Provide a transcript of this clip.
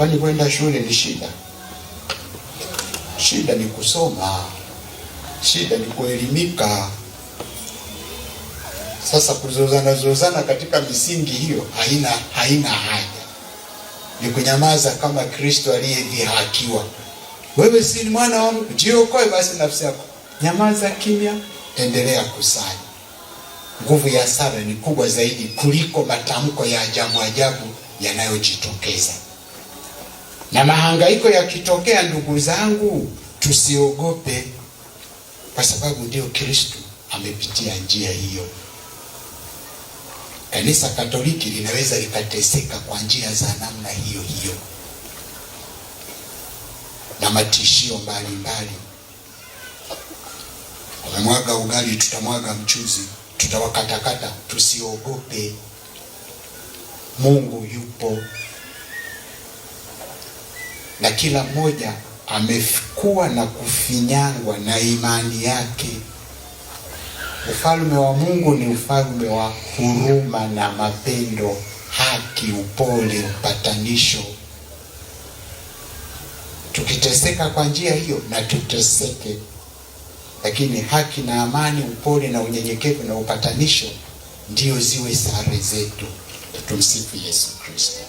kwani kwenda shule ni shida? Shida ni kusoma, shida ni kuelimika. Sasa kuzozana zozana katika misingi hiyo haina haina haja, ni kunyamaza kama Kristo aliyedhihakiwa. Wewe si ni mwana wa Mungu, jiokoe basi nafsi yako. Nyamaza kimya, endelea kusali. Nguvu ya sala ni kubwa zaidi kuliko matamko ya ajabu ajabu yanayojitokeza. Na mahangaiko yakitokea, ndugu zangu, tusiogope, kwa sababu ndio Kristo amepitia njia hiyo. Kanisa Katoliki linaweza likateseka kwa njia za namna hiyo hiyo na matishio mbalimbali. Wamemwaga ugali, tutamwaga mchuzi, tutawakatakata. Tusiogope, Mungu yupo na kila mmoja amekuwa na kufinyangwa na imani yake. Ufalme wa Mungu ni ufalme wa huruma na mapendo, haki, upole, upatanisho. Tukiteseka kwa njia hiyo na tuteseke, lakini haki na amani, upole na unyenyekevu na upatanisho ndio ziwe sare zetu. Tumsifu Yesu Kristo.